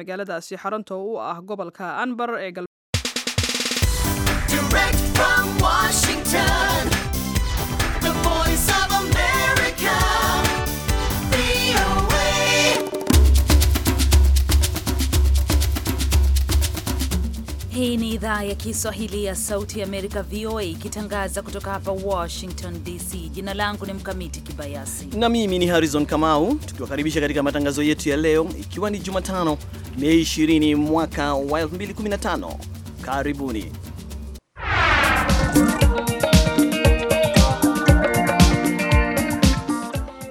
magaaladaasi xarunta u ah gobolka anbar ee Hii ni idhaa ya Kiswahili ya Sauti ya Amerika, VOA, ikitangaza kutoka hapa Washington DC. Jina langu ni Mkamiti Kibayasi na mimi ni Harrison Kamau, tukiwakaribisha katika matangazo yetu ya leo, ikiwa ni Jumatano Mei 20 mwaka wa 2015. Karibuni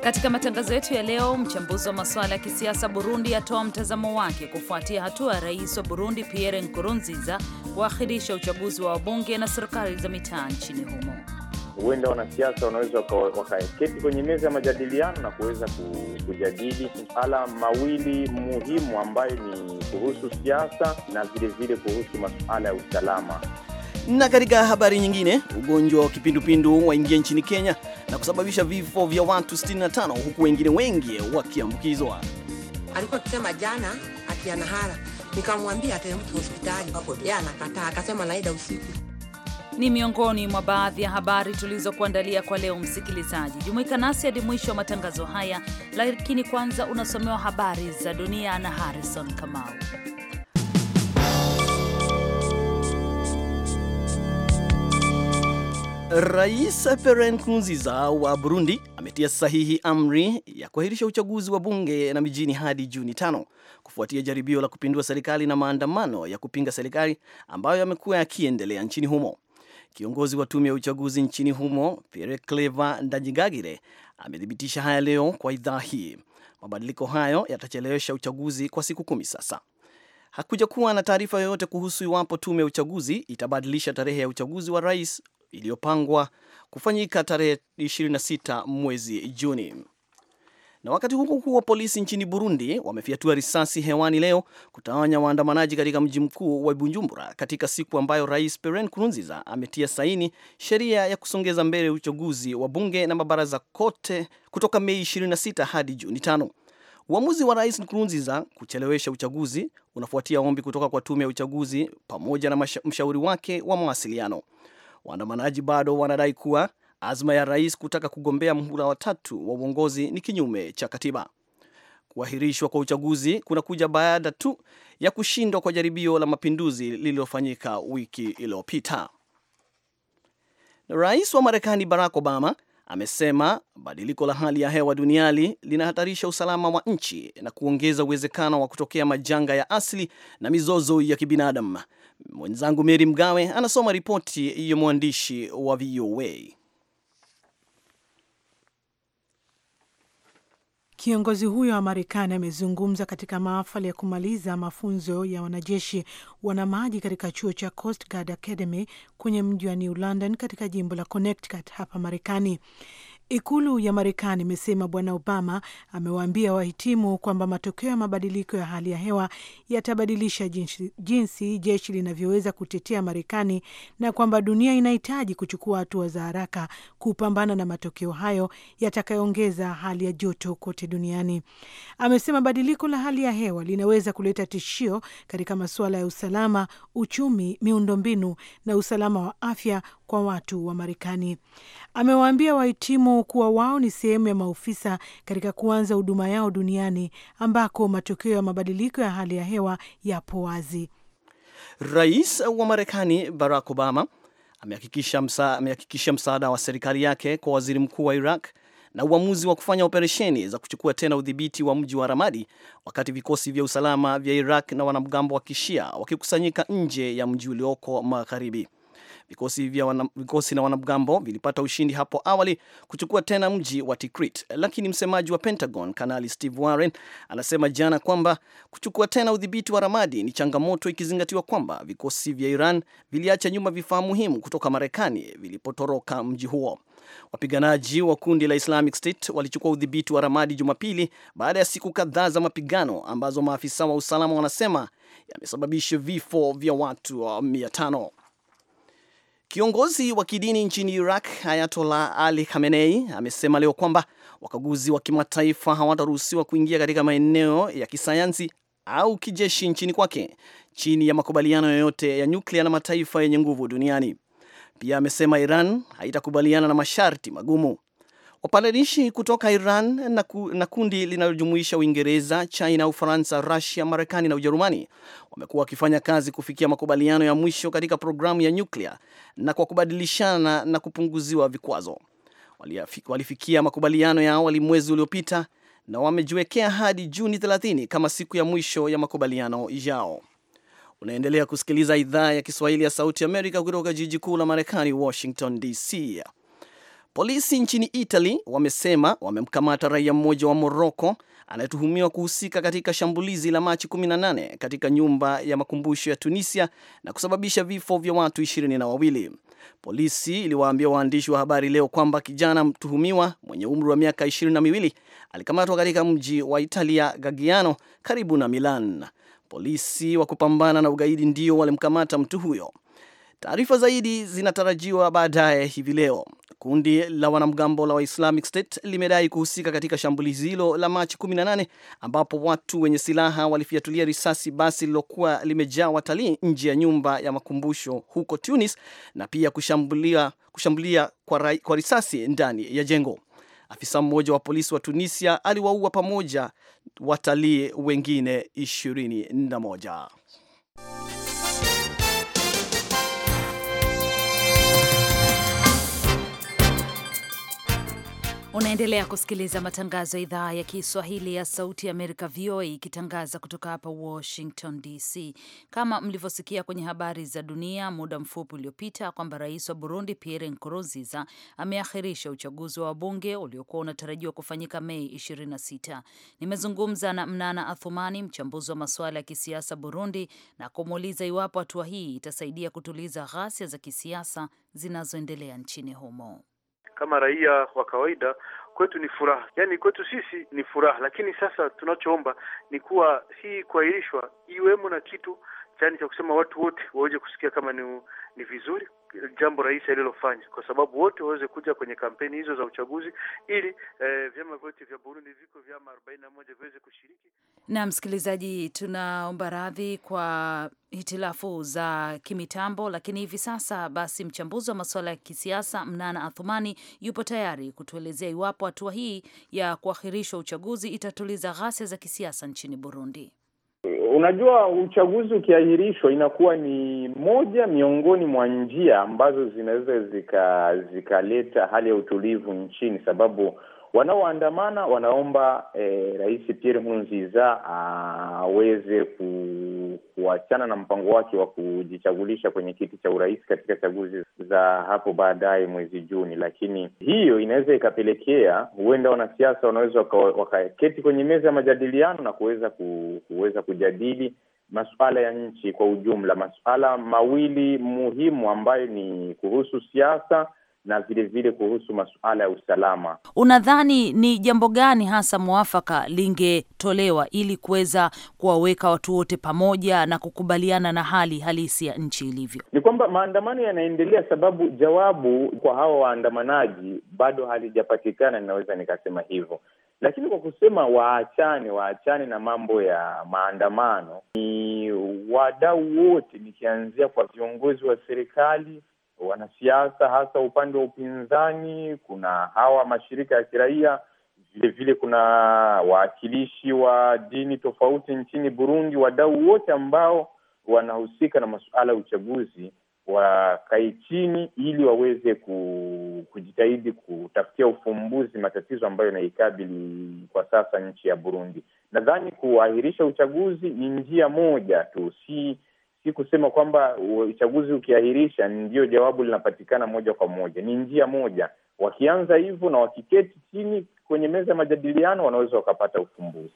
Katika matangazo yetu ya leo, mchambuzi wa masuala ya kisiasa Burundi atoa mtazamo wake kufuatia hatua ya rais wa Burundi Pierre Nkurunziza kuahirisha uchaguzi wa wabunge na serikali za mitaa nchini humo. Huenda wanasiasa wanaweza wakaketi kwenye meza ya majadiliano na kuweza kujadili masuala mawili muhimu ambayo ni kuhusu siasa na vilevile kuhusu masuala ya usalama. Na katika habari nyingine, ugonjwa wa kipindupindu waingia nchini Kenya na kusababisha vifo vya watu 65 huku wengine wengi wakiambukizwa. Alikuwa akisema jana akianahara, nikamwambia atemtu hospitali hapo jana, kataa akasema naenda usiku ni miongoni mwa baadhi ya habari tulizokuandalia kwa leo. Msikilizaji, jumuika nasi hadi mwisho wa matangazo haya, lakini kwanza unasomewa habari za dunia na Harrison Kamau. Rais Pierre Nkurunziza wa Burundi ametia sahihi amri ya kuahirisha uchaguzi wa bunge na mijini hadi Juni tano kufuatia jaribio la kupindua serikali na maandamano ya kupinga serikali ambayo yamekuwa yakiendelea nchini humo. Kiongozi wa tume ya uchaguzi nchini humo Pierre Clever Ndajigagire amethibitisha haya leo kwa idhaa hii. Mabadiliko hayo yatachelewesha uchaguzi kwa siku kumi sasa. Hakuja kuwa na taarifa yoyote kuhusu iwapo tume ya uchaguzi itabadilisha tarehe ya uchaguzi wa rais iliyopangwa kufanyika tarehe 26 mwezi Juni. Na wakati huo huo, polisi nchini Burundi wamefyatua risasi hewani leo kutawanya waandamanaji katika mji mkuu wa Bujumbura, katika siku ambayo Rais Pierre Nkurunziza ametia saini sheria ya kusongeza mbele uchaguzi wa bunge na mabaraza kote kutoka Mei 26 hadi Juni tano. Uamuzi wa Rais Nkurunziza kuchelewesha uchaguzi unafuatia ombi kutoka kwa tume ya uchaguzi pamoja na mshauri wake wa mawasiliano. Waandamanaji bado wanadai kuwa azma ya rais kutaka kugombea mhula watatu wa uongozi ni kinyume cha katiba. Kuahirishwa kwa uchaguzi kunakuja baada tu ya kushindwa kwa jaribio la mapinduzi lililofanyika wiki iliyopita. Rais wa Marekani Barack Obama amesema badiliko la hali ya hewa duniani linahatarisha usalama wa nchi na kuongeza uwezekano wa kutokea majanga ya asili na mizozo ya kibinadamu. Mwenzangu Meri Mgawe anasoma ripoti ya mwandishi wa VOA. Kiongozi huyo wa Marekani amezungumza katika maafali ya kumaliza mafunzo ya wanajeshi wanamaji katika chuo cha Coast Guard Academy kwenye mji wa New London katika jimbo la Connecticut hapa Marekani. Ikulu ya Marekani imesema Bwana Obama amewaambia wahitimu kwamba matokeo ya mabadiliko ya hali ya hewa yatabadilisha jinsi, jinsi jeshi linavyoweza kutetea Marekani na kwamba dunia inahitaji kuchukua hatua za haraka kupambana na matokeo hayo yatakayoongeza hali ya joto kote duniani. Amesema badiliko la hali ya hewa linaweza kuleta tishio katika masuala ya usalama, uchumi, miundombinu na usalama wa afya kwa watu wa Marekani. Amewaambia wahitimu kuwa wao ni sehemu ya maofisa katika kuanza huduma yao duniani ambako matokeo ya mabadiliko ya hali ya hewa yapo wazi. Rais wa Marekani Barack Obama amehakikisha msa, msaada wa serikali yake kwa waziri mkuu wa Iraq na uamuzi wa kufanya operesheni za kuchukua tena udhibiti wa mji wa Ramadi wakati vikosi vya usalama vya Iraq na wanamgambo wa Kishia wakikusanyika nje ya mji ulioko magharibi. Vikosi, vya wana, vikosi na wanamgambo vilipata ushindi hapo awali kuchukua tena mji wa Tikrit, lakini msemaji wa Pentagon Kanali Steve Warren anasema jana kwamba kuchukua tena udhibiti wa Ramadi ni changamoto ikizingatiwa kwamba vikosi vya Iran viliacha nyuma vifaa muhimu kutoka Marekani vilipotoroka mji huo. Wapiganaji wa kundi la Islamic State walichukua udhibiti wa Ramadi Jumapili baada ya siku kadhaa za mapigano ambazo maafisa wa usalama wanasema yamesababisha vifo vya watu mia tano. Kiongozi wa kidini nchini Iraq Ayatollah Ali Khamenei amesema leo kwamba wakaguzi wa kimataifa hawataruhusiwa kuingia katika maeneo ya kisayansi au kijeshi nchini kwake chini ya makubaliano yoyote ya nyuklia na mataifa yenye nguvu duniani. Pia amesema Iran haitakubaliana na masharti magumu. Wapatanishi kutoka Iran na, ku, na kundi linalojumuisha Uingereza, China, Ufaransa, Rusia, Marekani na Ujerumani wamekuwa wakifanya kazi kufikia makubaliano ya mwisho katika programu ya nyuklia na kwa kubadilishana na kupunguziwa vikwazo. Walifikia makubaliano ya awali mwezi uliopita na wamejiwekea hadi Juni 30 kama siku ya mwisho ya makubaliano yao. Unaendelea kusikiliza idhaa ya Kiswahili ya Sauti Amerika kutoka jiji kuu la Marekani, Washington DC. Polisi nchini Italy wamesema wamemkamata raia mmoja wa Moroko anayetuhumiwa kuhusika katika shambulizi la Machi 18 katika nyumba ya makumbusho ya Tunisia na kusababisha vifo vya watu ishirini na wawili. Polisi iliwaambia waandishi wa habari leo kwamba kijana mtuhumiwa mwenye umri wa miaka ishirini na miwili alikamatwa katika mji wa Italia Gagiano karibu na Milan. Polisi wa kupambana na ugaidi ndio walimkamata mtu huyo. Taarifa zaidi zinatarajiwa baadaye hivi leo. Kundi la wanamgambo la Islamic State limedai kuhusika katika shambulizi hilo la Machi 18 ambapo watu wenye silaha walifyatulia risasi basi lilokuwa limejaa watalii nje ya nyumba ya makumbusho huko Tunis na pia kushambulia, kushambulia kwa, rai, kwa risasi ndani ya jengo. Afisa mmoja wa polisi wa Tunisia aliwaua pamoja watalii wengine 21. Unaendelea kusikiliza matangazo ya idhaa ya Kiswahili ya Sauti ya Amerika, VOA, ikitangaza kutoka hapa Washington DC. Kama mlivyosikia kwenye habari za dunia muda mfupi uliopita, kwamba rais wa Burundi Pierre Nkurunziza ameahirisha uchaguzi wa wabunge uliokuwa unatarajiwa kufanyika Mei 26. Nimezungumza na Mnana Athumani, mchambuzi wa masuala ya kisiasa Burundi, na kumuuliza iwapo hatua hii itasaidia kutuliza ghasia za kisiasa zinazoendelea nchini humo kama raia wa kawaida kwetu ni furaha, yaani kwetu sisi ni furaha, lakini sasa tunachoomba ni kuwa hii kuahirishwa iwemo na kitu yaani cha kusema watu wote waweze kusikia kama ni, ni vizuri jambo rahisi alilofanya, kwa sababu wote waweze kuja kwenye kampeni hizo za uchaguzi ili eh, vyama vyote vya Burundi viko vyama arobaini na moja viweze kushiriki. Na msikilizaji, tunaomba radhi kwa hitilafu za kimitambo, lakini hivi sasa basi mchambuzi wa masuala ya kisiasa Mnana Athumani yupo tayari kutuelezea iwapo hatua hii ya kuahirishwa uchaguzi itatuliza ghasia za kisiasa nchini Burundi. Unajua, uchaguzi ukiahirishwa inakuwa ni moja miongoni mwa njia ambazo zinaweza zika zikaleta hali ya utulivu nchini, sababu Wanaoandamana wanaomba eh, Rais Pierre Nkurunziza aweze ku, kuachana na mpango wake wa kujichagulisha kwenye kiti cha urais katika chaguzi za hapo baadaye mwezi Juni, lakini hiyo inaweza ikapelekea huenda wanasiasa wanaweza wakaketi waka kwenye meza ya majadiliano na kuweza ku, kuweza kujadili masuala ya nchi kwa ujumla, masuala mawili muhimu ambayo ni kuhusu siasa na vile vile kuhusu masuala ya usalama. Unadhani ni jambo gani hasa mwafaka lingetolewa ili kuweza kuwaweka watu wote pamoja na kukubaliana na hali halisi ya nchi ilivyo? Ni kwamba maandamano yanaendelea, sababu jawabu kwa hawa waandamanaji bado halijapatikana, ninaweza nikasema hivyo. Lakini kwa kusema waachane, waachane na mambo ya maandamano, ni wadau wote, nikianzia kwa viongozi wa serikali wanasiasa hasa upande wa upinzani, kuna hawa mashirika ya kiraia vilevile vile kuna waakilishi wa dini tofauti nchini Burundi, wadau wote ambao wanahusika na masuala ya uchaguzi wakae chini ili waweze kujitahidi kutafutia ufumbuzi matatizo ambayo yanaikabili kwa sasa nchi ya Burundi. Nadhani kuahirisha uchaguzi ni njia moja tu, si si kusema kwamba uchaguzi ukiahirisha ndio jawabu linapatikana moja kwa moja. Ni njia moja, wakianza hivyo na wakiketi chini kwenye meza ya majadiliano wanaweza wakapata ufumbuzi.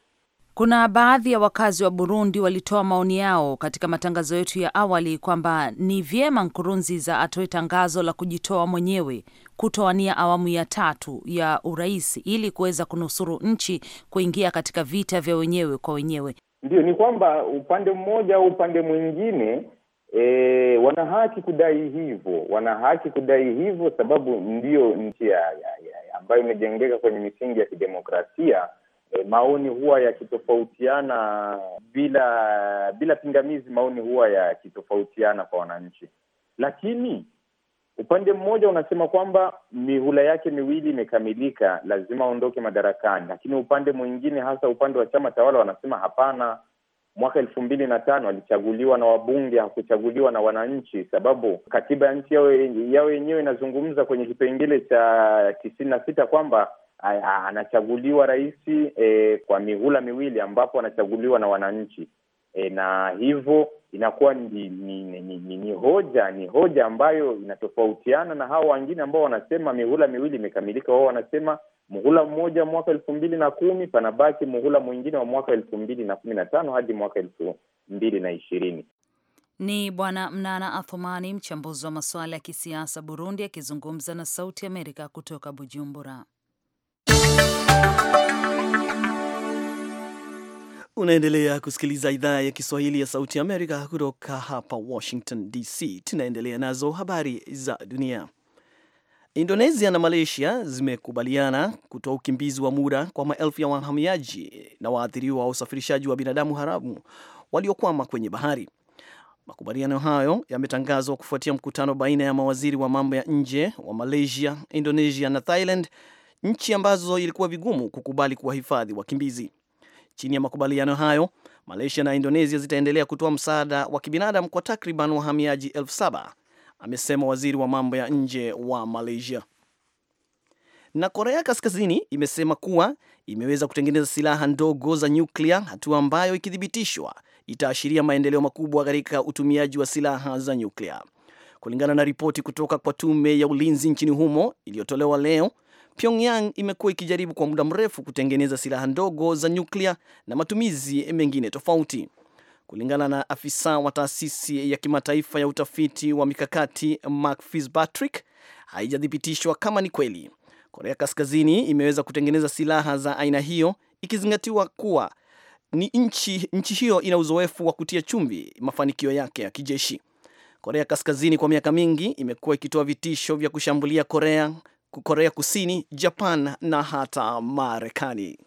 Kuna baadhi ya wakazi wa Burundi walitoa maoni yao katika matangazo yetu ya awali kwamba ni vyema Nkurunziza atoe tangazo la kujitoa mwenyewe kutoania awamu ya tatu ya urais ili kuweza kunusuru nchi kuingia katika vita vya wenyewe kwa wenyewe. Ndio, ni kwamba upande mmoja au upande mwingine e, wana haki kudai hivyo, wana haki kudai hivyo, sababu ndio nchi ambayo imejengeka kwenye misingi ya kidemokrasia. E, maoni huwa yakitofautiana bila bila pingamizi, maoni huwa yakitofautiana kwa wananchi, lakini Upande mmoja unasema kwamba mihula yake miwili imekamilika, lazima aondoke madarakani, lakini upande mwingine, hasa upande wa chama tawala, wanasema hapana, mwaka elfu mbili na tano alichaguliwa na wabunge, hakuchaguliwa na wananchi, sababu katiba ya nchi yao yenyewe inazungumza kwenye kipengele cha tisini na sita kwamba anachaguliwa rais e, kwa mihula miwili ambapo anachaguliwa na wananchi e, na hivyo inakuwa ni, ni, ni, ni, ni hoja ni hoja ambayo inatofautiana na hawa wengine ambao wanasema mihula miwili imekamilika. Wao wanasema muhula mmoja mwaka elfu mbili na kumi panabaki muhula mwingine wa mwaka elfu mbili na kumi na tano hadi mwaka elfu mbili na ishirini. Ni Bwana Mnana Athumani, mchambuzi wa masuala ya kisiasa Burundi, akizungumza na Sauti Amerika kutoka Bujumbura. Unaendelea kusikiliza idhaa ya Kiswahili ya Sauti Amerika kutoka hapa Washington DC. Tunaendelea nazo habari za dunia. Indonesia na Malaysia zimekubaliana kutoa ukimbizi wa muda kwa maelfu ya wahamiaji na waathiriwa wa usafirishaji wa binadamu haramu waliokwama kwenye bahari. Makubaliano hayo yametangazwa kufuatia mkutano baina ya mawaziri wa mambo ya nje wa Malaysia, Indonesia na Thailand, nchi ambazo ilikuwa vigumu kukubali kuwahifadhi wakimbizi. Chini ya makubaliano hayo, Malaysia na Indonesia zitaendelea kutoa msaada wa kibinadamu kwa takriban wahamiaji elfu saba, amesema waziri wa mambo ya nje wa Malaysia. Na Korea Kaskazini imesema kuwa imeweza kutengeneza silaha ndogo za nyuklia, hatua ambayo ikithibitishwa itaashiria maendeleo makubwa katika utumiaji wa silaha za nyuklia. Kulingana na ripoti kutoka kwa tume ya ulinzi nchini humo iliyotolewa leo, Pyongyang imekuwa ikijaribu kwa muda mrefu kutengeneza silaha ndogo za nyuklia na matumizi mengine tofauti. Kulingana na afisa wa taasisi ya kimataifa ya utafiti wa mikakati Mark Fitzpatrick, haijathibitishwa kama ni kweli Korea Kaskazini imeweza kutengeneza silaha za aina hiyo, ikizingatiwa kuwa ni nchi, nchi hiyo ina uzoefu wa kutia chumvi mafanikio yake ya kijeshi. Korea Kaskazini kwa miaka mingi imekuwa ikitoa vitisho vya kushambulia Korea Korea Kusini, Japan na hata Marekani.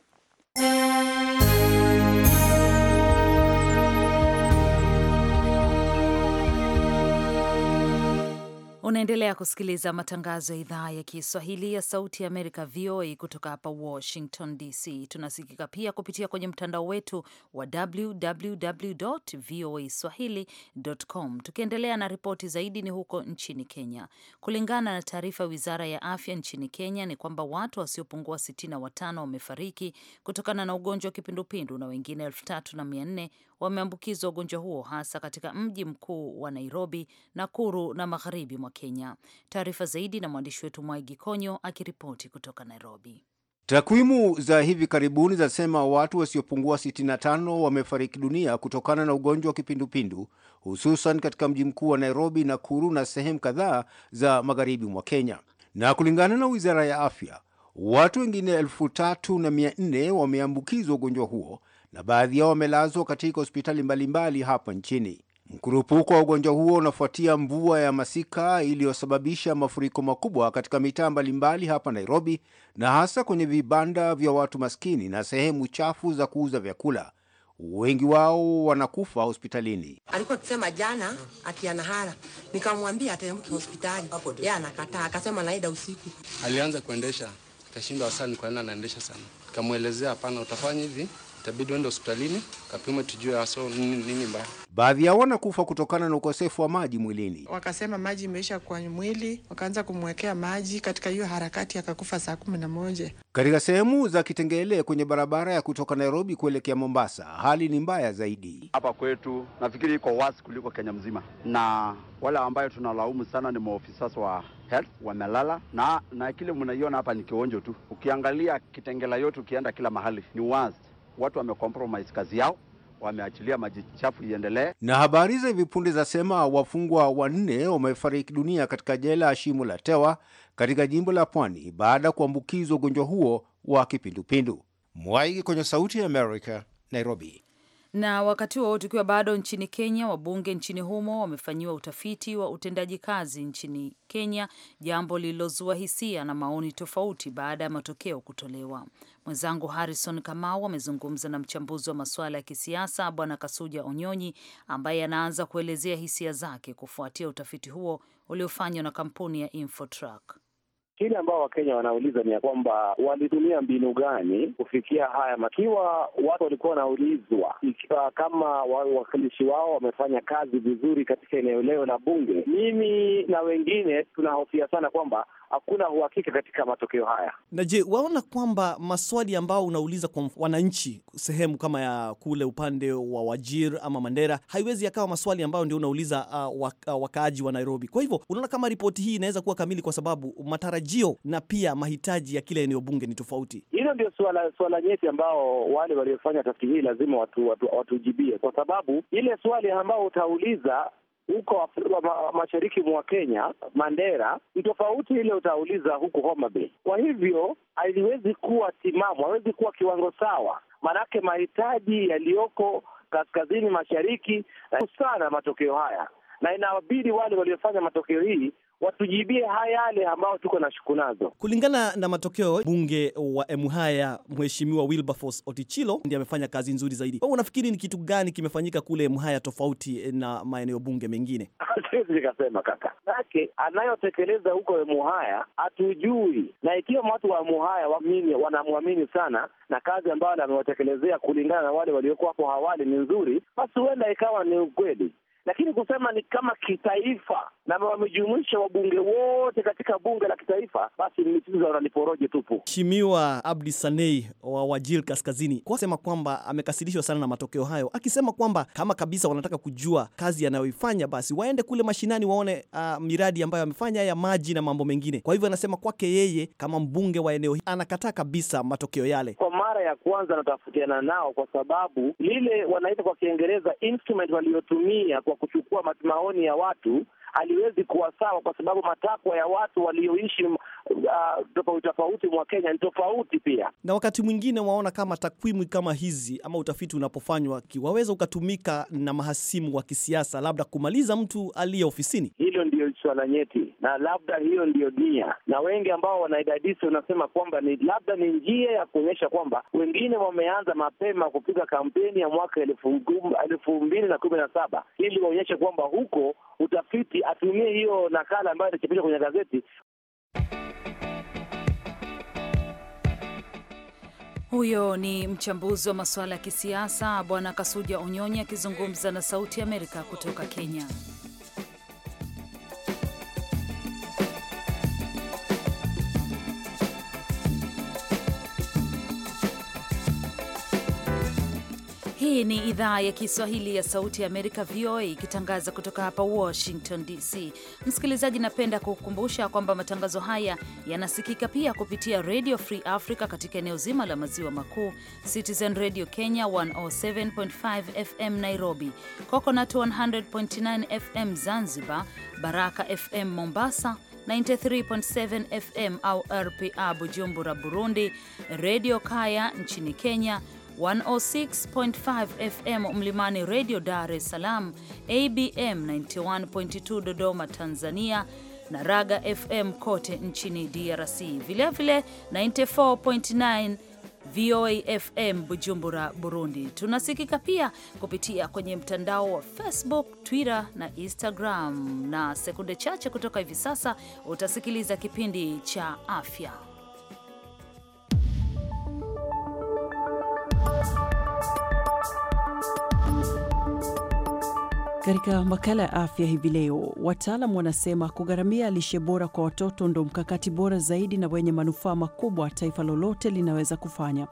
Unaendelea kusikiliza matangazo ya idhaa ya Kiswahili ya Sauti ya Amerika, VOA, kutoka hapa Washington DC. Tunasikika pia kupitia kwenye mtandao wetu wa www voa swahili.com. Tukiendelea na ripoti zaidi, ni huko nchini Kenya. Kulingana na taarifa ya wizara ya afya nchini Kenya ni kwamba watu wasiopungua 65 wamefariki kutokana na ugonjwa wa kipindupindu na wengine elfu wameambukizwa ugonjwa huo hasa katika mji mkuu wa Nairobi, Nakuru na magharibi mwa Kenya. Taarifa zaidi na mwandishi wetu Mwaigi Konyo akiripoti kutoka Nairobi. Takwimu za hivi karibuni zinasema watu wasiopungua 65 wamefariki dunia kutokana na ugonjwa wa kipindupindu hususan katika mji mkuu wa Nairobi, Nakuru na sehemu kadhaa za magharibi mwa Kenya. Na kulingana na wizara ya afya, watu wengine elfu tatu na mia nne wameambukizwa ugonjwa huo na baadhi yao wamelazwa katika hospitali mbalimbali hapa nchini. Mkurupuko wa ugonjwa huo unafuatia mvua ya masika iliyosababisha mafuriko makubwa katika mitaa mbalimbali hapa Nairobi, na hasa kwenye vibanda vya watu maskini na sehemu chafu za kuuza vyakula. Wengi wao wanakufa hospitalini. Alikuwa akisema jana ati anahara, nikamwambia ateremke hospitali, yeye anakataa, akasema naenda usiku. Alianza kuendesha akashindwa, hasa nikuana anaendesha sana, tukamwelezea hapana, utafanya hivi itabidi uende hospitalini kapimwe tujue hasa nini, nini mbaya. Baadhi yao wanakufa kutokana na ukosefu wa maji mwilini. Wakasema maji imeisha kwa mwili, wakaanza kumwekea maji katika hiyo harakati, akakufa saa kumi na moja. Katika sehemu za Kitengele kwenye barabara ya kutoka Nairobi kuelekea Mombasa, hali ni mbaya zaidi. Hapa kwetu nafikiri iko wasi kuliko Kenya mzima, na wale ambayo tunalaumu sana ni maofisa wa health wamelala, na, na kile mnaiona hapa ni kionjo tu. Ukiangalia Kitengela yote ukienda kila mahali ni wazi, watu wamecompromise kazi yao, wameachilia maji chafu iendelee. Na habari za hivi punde zasema wafungwa wanne wamefariki dunia katika jela ya Shimo la Tewa katika jimbo la Pwani baada ya kuambukizwa ugonjwa huo wa kipindupindu. Mwaigi kwenye Sauti ya America, Nairobi. Na wakati huo tukiwa bado nchini Kenya, wabunge nchini humo wamefanyiwa utafiti wa utendaji kazi nchini Kenya, jambo lililozua hisia na maoni tofauti baada ya matokeo kutolewa. Mwenzangu Harrison Kamau amezungumza na mchambuzi wa masuala ya kisiasa Bwana Kasuja Onyonyi, ambaye anaanza kuelezea hisia zake kufuatia utafiti huo uliofanywa na kampuni ya Infotrack. Kile ambao Wakenya wanauliza ni ya kwamba walitumia mbinu gani kufikia haya makiwa. Watu walikuwa wanaulizwa ikiwa kama wawakilishi wao wamefanya kazi vizuri katika eneo leo la Bunge. Mimi na wengine tunahofia sana kwamba hakuna uhakika katika matokeo haya. Na je, waona kwamba maswali ambayo unauliza kwa wananchi sehemu kama ya kule upande wa Wajir ama Mandera haiwezi yakawa maswali ambayo ndio unauliza uh, waka, uh, wakaaji wa Nairobi. Kwa hivyo unaona kama ripoti hii inaweza kuwa kamili kwa sababu matarajio na pia mahitaji ya kila eneo bunge ni tofauti. Hilo ndio suala suala nyeti ambao wale waliofanya tafiti hii lazima watu, watu, watu, watujibie kwa sababu ile swali ambayo utauliza huko mashariki mwa Kenya, Mandera, ni tofauti ile utauliza huku Homa Bay. Kwa hivyo haiwezi kuwa timamu, haiwezi kuwa kiwango sawa, maanake mahitaji yaliyoko kaskazini mashariki sana matokeo haya, na inawabidi wale waliofanya matokeo hii watujibie haya yale ambayo tuko na shuku nazo. Kulingana na matokeo, bunge wa Emuhaya Mheshimiwa Wilberforce Otichilo ndiye amefanya kazi nzuri zaidi. Wewe unafikiri ni kitu gani kimefanyika kule Emuhaya tofauti na maeneo bunge mengine? Siwezi nikasema kaka, manake anayotekeleza huko Emuhaya hatujui, na ikiwa watu wa Emuhaya wamini wanamwamini sana na kazi ambayo amewatekelezea kulingana na wale waliokuwa hapo awali ni nzuri, basi huenda ikawa ni ukweli lakini kusema ni kama kitaifa na wamejumuisha wabunge wote katika bunge la kitaifa, basi michezo wanaliporoje tupu. Mheshimiwa Abdi Sanei wa Wajir Kaskazini kwasema kwamba amekasirishwa sana na matokeo hayo, akisema kwamba kama kabisa wanataka kujua kazi anayoifanya basi waende kule mashinani waone uh, miradi ambayo amefanya ya maji na mambo mengine. Kwa hivyo anasema kwake yeye kama mbunge wa eneo hili anakataa kabisa matokeo yale ya kwanza natafutiana nao, kwa sababu lile wanaita kwa Kiingereza instrument waliotumia kwa kuchukua maoni ya watu haliwezi kuwa sawa, kwa sababu matakwa ya watu walioishi uh, tofauti tofauti mwa Kenya ni tofauti pia, na wakati mwingine waona kama takwimu kama hizi ama utafiti unapofanywa kiwaweza ukatumika na mahasimu wa kisiasa, labda kumaliza mtu aliye ofisini. Hilo ndiyo swala nyeti, na labda hiyo ndiyo nia, na wengi ambao wanaidadisi wanasema kwamba ni labda ni njia ya kuonyesha kwamba wengine wameanza mapema kupiga kampeni ya mwaka elfu mbili na kumi na saba ili waonyeshe kwamba huko utafiti atumie hiyo nakala ambayo inachapishwa kwenye gazeti Huyo ni mchambuzi wa masuala ya kisiasa Bwana Kasuja Onyonyi akizungumza na Sauti ya Amerika kutoka Kenya. Hii ni idhaa ya Kiswahili ya Sauti ya Amerika, VOA, ikitangaza kutoka hapa Washington DC. Msikilizaji, napenda kukukumbusha kwamba matangazo haya yanasikika pia kupitia Radio Free Africa katika eneo zima la maziwa makuu, Citizen Radio Kenya 107.5 FM Nairobi, Coconut 100.9 FM Zanzibar, Baraka FM Mombasa 93.7 FM au RPA Bujumbura, Burundi, redio Kaya nchini Kenya 106.5 FM Mlimani Radio Dar es Salaam, ABM 91.2 Dodoma Tanzania na Raga FM kote nchini DRC, vilevile 94.9 VOA FM Bujumbura, Burundi. Tunasikika pia kupitia kwenye mtandao wa Facebook, Twitter na Instagram. Na sekunde chache kutoka hivi sasa utasikiliza kipindi cha afya Katika makala ya afya hivi leo, wataalam wanasema kugharamia lishe bora kwa watoto ndo mkakati bora zaidi na wenye manufaa makubwa taifa lolote linaweza kufanya.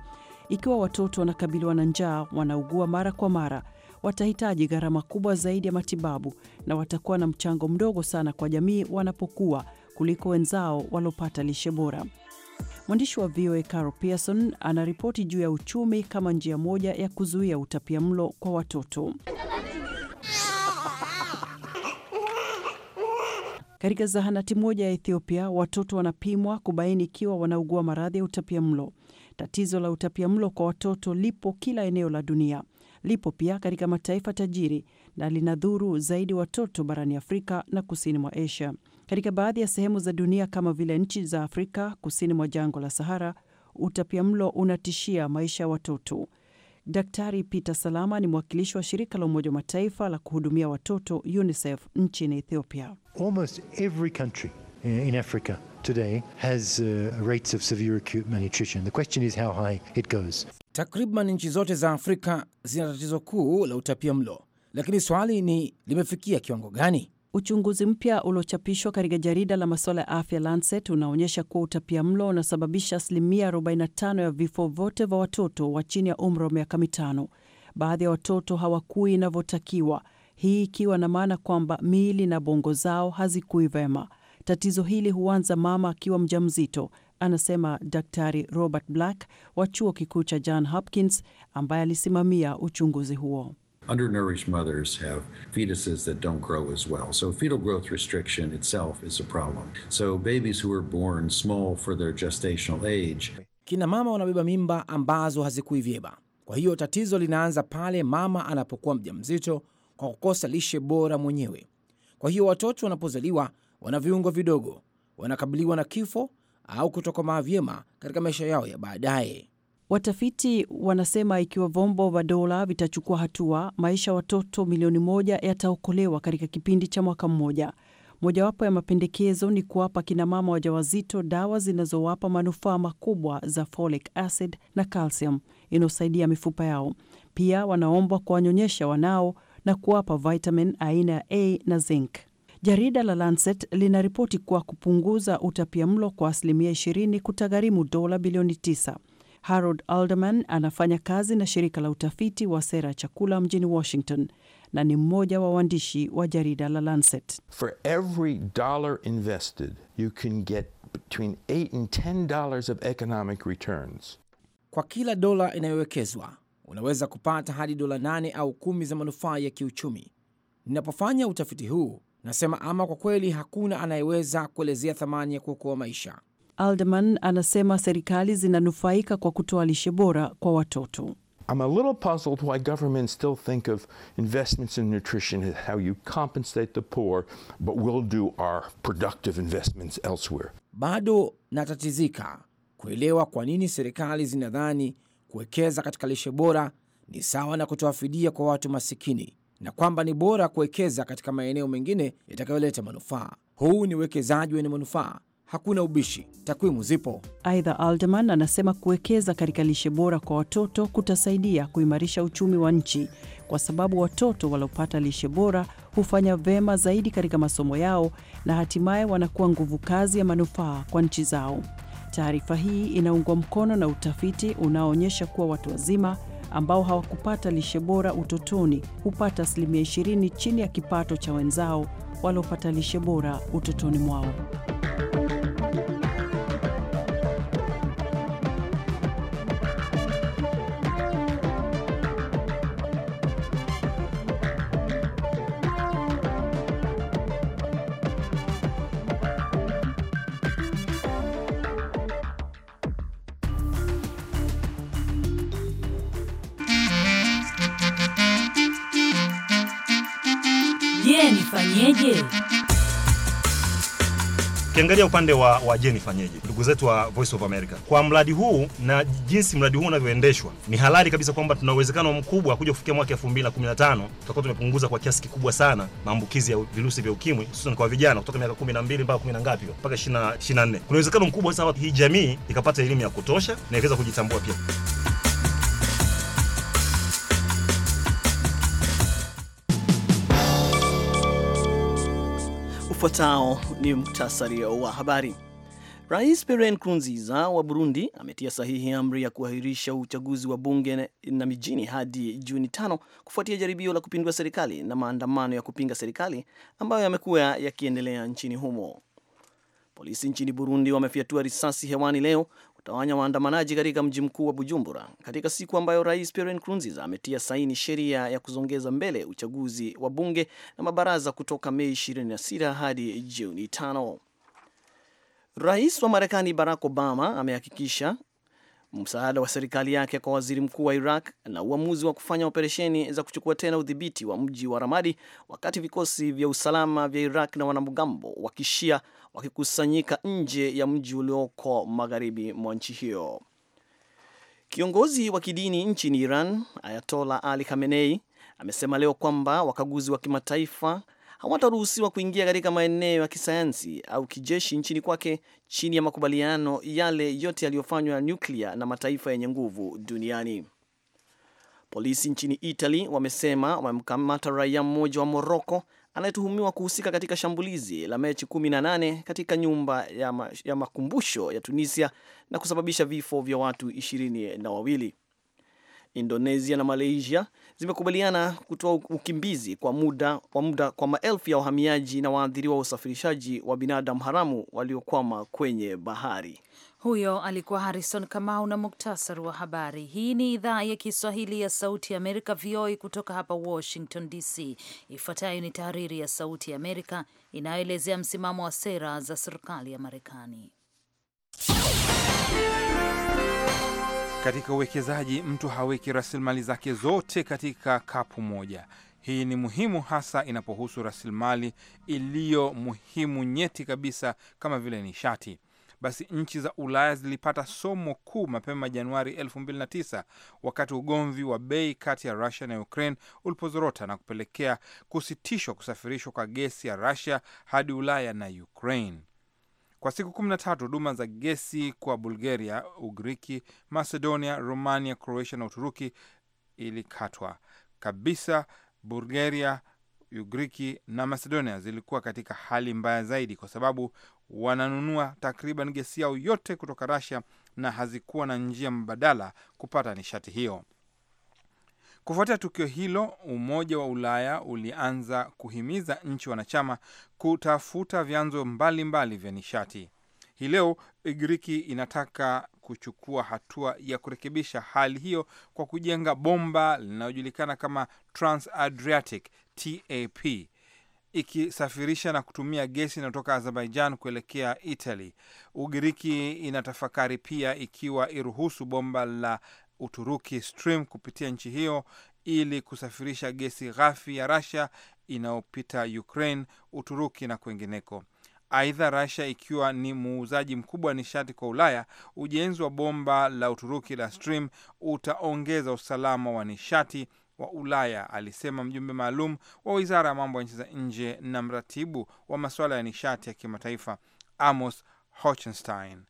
Ikiwa watoto wanakabiliwa na njaa, wanaugua mara kwa mara, watahitaji gharama kubwa zaidi ya matibabu na watakuwa na mchango mdogo sana kwa jamii wanapokuwa kuliko wenzao walopata lishe bora. Mwandishi wa VOA Carol Pearson anaripoti juu ya uchumi kama njia moja ya kuzuia utapia mlo kwa watoto. Katika zahanati moja ya Ethiopia, watoto wanapimwa kubaini ikiwa wanaugua maradhi ya utapia mlo Tatizo la utapia mlo kwa watoto lipo kila eneo la dunia, lipo pia katika mataifa tajiri na linadhuru zaidi watoto barani Afrika na kusini mwa Asia. Katika baadhi ya sehemu za dunia kama vile nchi za Afrika kusini mwa jangwa la Sahara, utapia mlo unatishia maisha ya watoto. Daktari Peter Salama ni mwakilishi wa shirika la Umoja wa Mataifa la kuhudumia watoto UNICEF nchini Ethiopia. Almost every country eh, in Africa today has uh, rates of severe acute malnutrition. The question is how high it goes. Takriban nchi zote za Afrika zina tatizo kuu la utapia mlo, lakini swali ni limefikia kiwango gani? Uchunguzi mpya uliochapishwa katika jarida la masuala ya afya Lancet unaonyesha kuwa utapia mlo unasababisha asilimia 45 ya vifo vyote vya watoto wa chini ya umri wa miaka mitano. Baadhi ya watoto hawakui inavyotakiwa, hii ikiwa na maana kwamba miili na bongo zao hazikui vema. Tatizo hili huanza mama akiwa mjamzito, anasema Daktari Robert Black wa chuo kikuu cha John Hopkins ambaye alisimamia uchunguzi huo undernourished mothers have fetuses that don't grow as well. So fetal growth restriction itself is a problem. So babies who are born small for their gestational age. Kina mama wanabeba mimba ambazo hazikuivyiba. Kwa hiyo tatizo linaanza pale mama anapokuwa mjamzito kwa kukosa lishe bora mwenyewe. Kwa hiyo watoto wanapozaliwa wana viungo vidogo, wanakabiliwa na kifo au kutokomaa vyema katika maisha yao ya baadaye. Watafiti wanasema ikiwa vyombo vya dola vitachukua hatua, maisha ya watoto milioni moja yataokolewa katika kipindi cha mwaka mmoja. Mojawapo ya mapendekezo ni kuwapa kinamama wajawazito dawa zinazowapa manufaa makubwa za folic acid na calcium inayosaidia mifupa yao. Pia wanaombwa kuwanyonyesha wanao na kuwapa vitamin aina ya A na zinc. Jarida la Lancet linaripoti kuwa kupunguza utapia mlo kwa asilimia 20 kutagharimu dola bilioni 9. Harold Alderman anafanya kazi na shirika la utafiti wa sera ya chakula mjini Washington na ni mmoja wa waandishi wa jarida la Lancet. For every dollar invested, you can get between 8 and 10 of economic returns. Kwa kila dola inayowekezwa unaweza kupata hadi dola nane au kumi za manufaa ya kiuchumi. Ninapofanya utafiti huu nasema, ama kwa kweli hakuna anayeweza kuelezea thamani ya kuokoa maisha. Alderman anasema serikali zinanufaika kwa kutoa lishe bora kwa watoto. I'm a little puzzled why governments still think of investments in nutrition as how you compensate the poor, but we'll do our productive investments elsewhere. Bado natatizika kuelewa kwa nini serikali zinadhani kuwekeza katika lishe bora ni sawa na kutoa fidia kwa watu masikini na kwamba ni bora kuwekeza katika maeneo mengine yatakayoleta manufaa. Huu ni uwekezaji wenye manufaa hakuna ubishi, takwimu zipo. Aidha, Alderman anasema kuwekeza katika lishe bora kwa watoto kutasaidia kuimarisha uchumi wa nchi, kwa sababu watoto waliopata lishe bora hufanya vema zaidi katika masomo yao na hatimaye wanakuwa nguvu kazi ya manufaa kwa nchi zao. Taarifa hii inaungwa mkono na utafiti unaoonyesha kuwa watu wazima ambao hawakupata lishe bora utotoni hupata asilimia 20 chini ya kipato cha wenzao waliopata lishe bora utotoni mwao. Je, nifanyeje? Ukiangalia upande wa, wa Je, nifanyeje, ndugu zetu wa Voice of America, kwa mradi huu na jinsi mradi huu unavyoendeshwa, ni halali kabisa kwamba tuna uwezekano mkubwa kuja kufikia mwaka tano tutakuwa tumepunguza kwa kiasi kikubwa sana maambukizi ya virusi vya ukimwi, hususan kwa vijana kutoka miaka 12 mpaka kumi na ngapi mpaka 24. Kuna uwezekano mkubwa sasa hii jamii ikapata elimu ya kutosha na ikaweza kujitambua pia. Ufuatao ni muktasari wa habari. Rais Pierre Nkurunziza wa Burundi ametia sahihi amri ya kuahirisha uchaguzi wa bunge na mijini hadi Juni tano kufuatia jaribio la kupindua serikali na maandamano ya kupinga serikali ambayo yamekuwa yakiendelea nchini humo. Polisi nchini Burundi wamefyatua risasi hewani leo kutawanya waandamanaji katika mji mkuu wa Bujumbura katika siku ambayo Rais Pierre Nkurunziza ametia saini sheria ya kuzongeza mbele uchaguzi wa bunge na mabaraza kutoka Mei 26 hadi Juni 5. Rais wa Marekani Barack Obama amehakikisha msaada wa serikali yake kwa waziri mkuu wa Iraq na uamuzi wa kufanya operesheni za kuchukua tena udhibiti wa mji wa Ramadi, wakati vikosi vya usalama vya Iraq na wanamgambo wa Kishia wakikusanyika nje ya mji ulioko magharibi mwa nchi hiyo. Kiongozi wa kidini nchini Iran Ayatola Ali Khamenei amesema leo kwamba wakaguzi wa kimataifa hawataruhusiwa kuingia katika maeneo ya kisayansi au kijeshi nchini kwake chini ya makubaliano yale yote yaliyofanywa ya nyuklia na mataifa yenye nguvu duniani. Polisi nchini Italy wamesema wamemkamata raia mmoja wa Moroko anayetuhumiwa kuhusika katika shambulizi la Mechi 18 katika nyumba ya, ma, ya makumbusho ya Tunisia na kusababisha vifo vya watu ishirini na wawili. Indonesia na Malaysia zimekubaliana kutoa ukimbizi kwa muda, kwa muda kwa maelfu ya wahamiaji na waathiriwa wa usafirishaji wa binadamu haramu waliokwama kwenye bahari. Huyo alikuwa Harrison Kamau na muktasari wa habari. Hii ni idhaa ya Kiswahili ya Sauti ya Amerika, VOA, kutoka hapa Washington DC. Ifuatayo ni tahariri ya Sauti ya Amerika inayoelezea msimamo wa sera za serikali ya Marekani. Katika uwekezaji, mtu haweki rasilimali zake zote katika kapu moja. Hii ni muhimu hasa inapohusu rasilimali iliyo muhimu nyeti kabisa kama vile nishati. Basi nchi za Ulaya zilipata somo kuu mapema Januari 2009 wakati ugomvi wa bei kati ya Rusia na Ukraine ulipozorota na kupelekea kusitishwa kusafirishwa kwa gesi ya Rusia hadi Ulaya na Ukraine kwa siku kumi na tatu. Huduma za gesi kwa Bulgaria, Ugiriki, Macedonia, Romania, Croatia na Uturuki ilikatwa kabisa. Bulgaria, Ugiriki na Macedonia zilikuwa katika hali mbaya zaidi, kwa sababu wananunua takriban gesi yao yote kutoka rasia na hazikuwa na njia mbadala kupata nishati hiyo. Kufuatia tukio hilo, Umoja wa Ulaya ulianza kuhimiza nchi wanachama kutafuta vyanzo mbalimbali vya nishati. Hii leo Ugiriki inataka kuchukua hatua ya kurekebisha hali hiyo kwa kujenga bomba linalojulikana kama Transadriatic TAP ikisafirisha na kutumia gesi inayotoka Azerbaijan kuelekea Italy. Ugiriki inatafakari pia ikiwa iruhusu bomba la Uturuki Stream kupitia nchi hiyo ili kusafirisha gesi ghafi ya Russia inayopita Ukraine, Uturuki na kwengineko. Aidha, Russia ikiwa ni muuzaji mkubwa wa nishati kwa Ulaya, ujenzi wa bomba la Uturuki la Stream utaongeza usalama wa nishati wa Ulaya, alisema mjumbe maalum wa wizara ya mambo ya nchi za nje na mratibu wa masuala ya nishati ya kimataifa Amos Hochenstein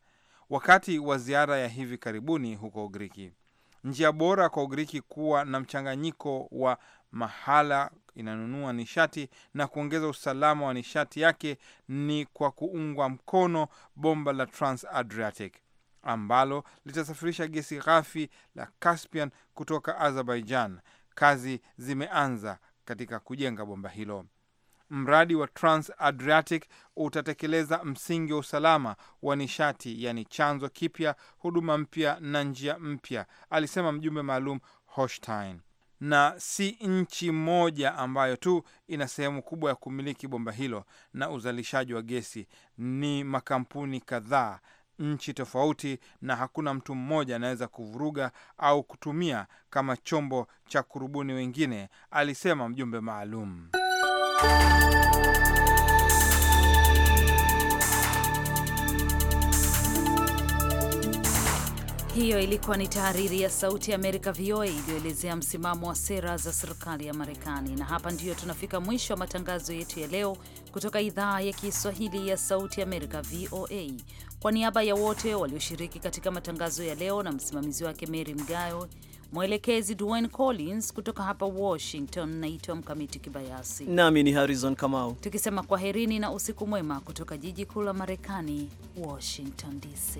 wakati wa ziara ya hivi karibuni huko Ugiriki njia bora kwa Ugiriki kuwa na mchanganyiko wa mahala inanunua nishati na kuongeza usalama wa nishati yake ni kwa kuungwa mkono bomba la Trans Adriatic ambalo litasafirisha gesi ghafi la Caspian kutoka Azerbaijan. Kazi zimeanza katika kujenga bomba hilo mradi wa Trans Adriatic utatekeleza msingi wa usalama wa nishati, yani chanzo kipya, huduma mpya na njia mpya, alisema mjumbe maalum Hochstein. Na si nchi moja ambayo tu ina sehemu kubwa ya kumiliki bomba hilo na uzalishaji wa gesi, ni makampuni kadhaa nchi tofauti, na hakuna mtu mmoja anaweza kuvuruga au kutumia kama chombo cha kurubuni wengine, alisema mjumbe maalum. Hiyo ilikuwa ni tahariri ya Sauti ya Amerika, VOA, iliyoelezea msimamo wa sera za serikali ya Marekani. Na hapa ndiyo tunafika mwisho wa matangazo yetu ya leo kutoka idhaa ya Kiswahili ya Sauti Amerika, VOA. Kwa niaba ya wote walioshiriki katika matangazo ya leo na msimamizi wake Mary Mgayo, Mwelekezi Dwayne Collins kutoka hapa Washington. Naitwa Mkamiti Kibayasi nami ni Harrison Kamau, tukisema kwaherini na usiku mwema kutoka jiji kuu la Marekani, Washington DC.